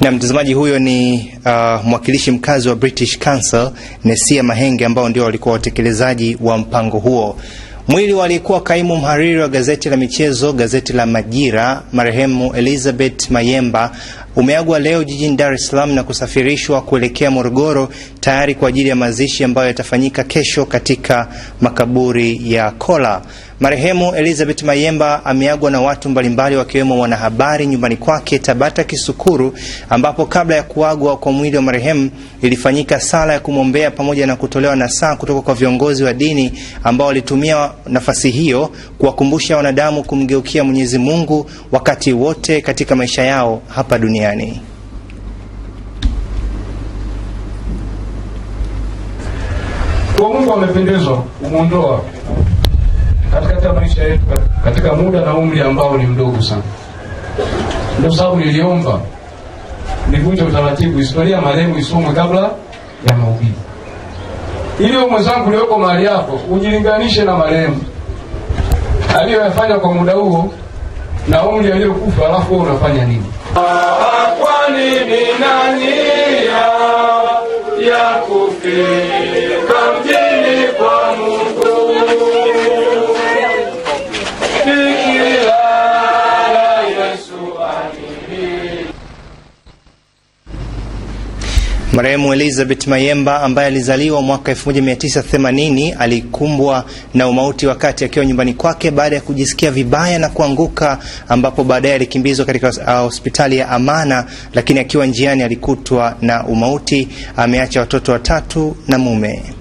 Na mtazamaji huyo ni uh, mwakilishi mkazi wa British Council Nesia Mahenge ambao ndio walikuwa watekelezaji wa mpango huo. Mwili walikuwa kaimu mhariri wa gazeti la michezo, gazeti la Majira, marehemu Elizabeth Mayemba umeagwa leo jijini Dar es Salaam na kusafirishwa kuelekea Morogoro tayari kwa ajili ya mazishi ambayo yatafanyika kesho katika makaburi ya Kola. Marehemu Elizabeth Mayemba ameagwa na watu mbalimbali wakiwemo wanahabari nyumbani kwake Tabata Kisukuru, ambapo kabla ya kuagwa kwa mwili wa marehemu ilifanyika sala ya kumwombea pamoja na kutolewa nasaha kutoka kwa viongozi wa dini ambao walitumia nafasi hiyo kuwakumbusha wanadamu kumgeukia Mwenyezi Mungu wakati wote katika maisha yao hapa duniani duniani. Kwa Mungu amependezwa kumwondoa katikati ya maisha yetu katika muda na umri ambao ni mdogo sana. Ndio sababu niliomba nivunje utaratibu, historia ya marehemu isomwe kabla ya maubili ili mwenzangu ulioko mahali hapo ujilinganishe na marehemu aliyoyafanya kwa muda huo. Nauli aliyokufa alafu wewe unafanya nini? Kwa nini nani ya kufika Marehemu Elizabeth Mayemba ambaye alizaliwa mwaka 1980 alikumbwa na umauti wakati akiwa nyumbani kwake baada ya kujisikia vibaya na kuanguka, ambapo baadaye alikimbizwa katika uh, hospitali ya Amana, lakini akiwa njiani alikutwa na umauti. Ameacha watoto watatu na mume.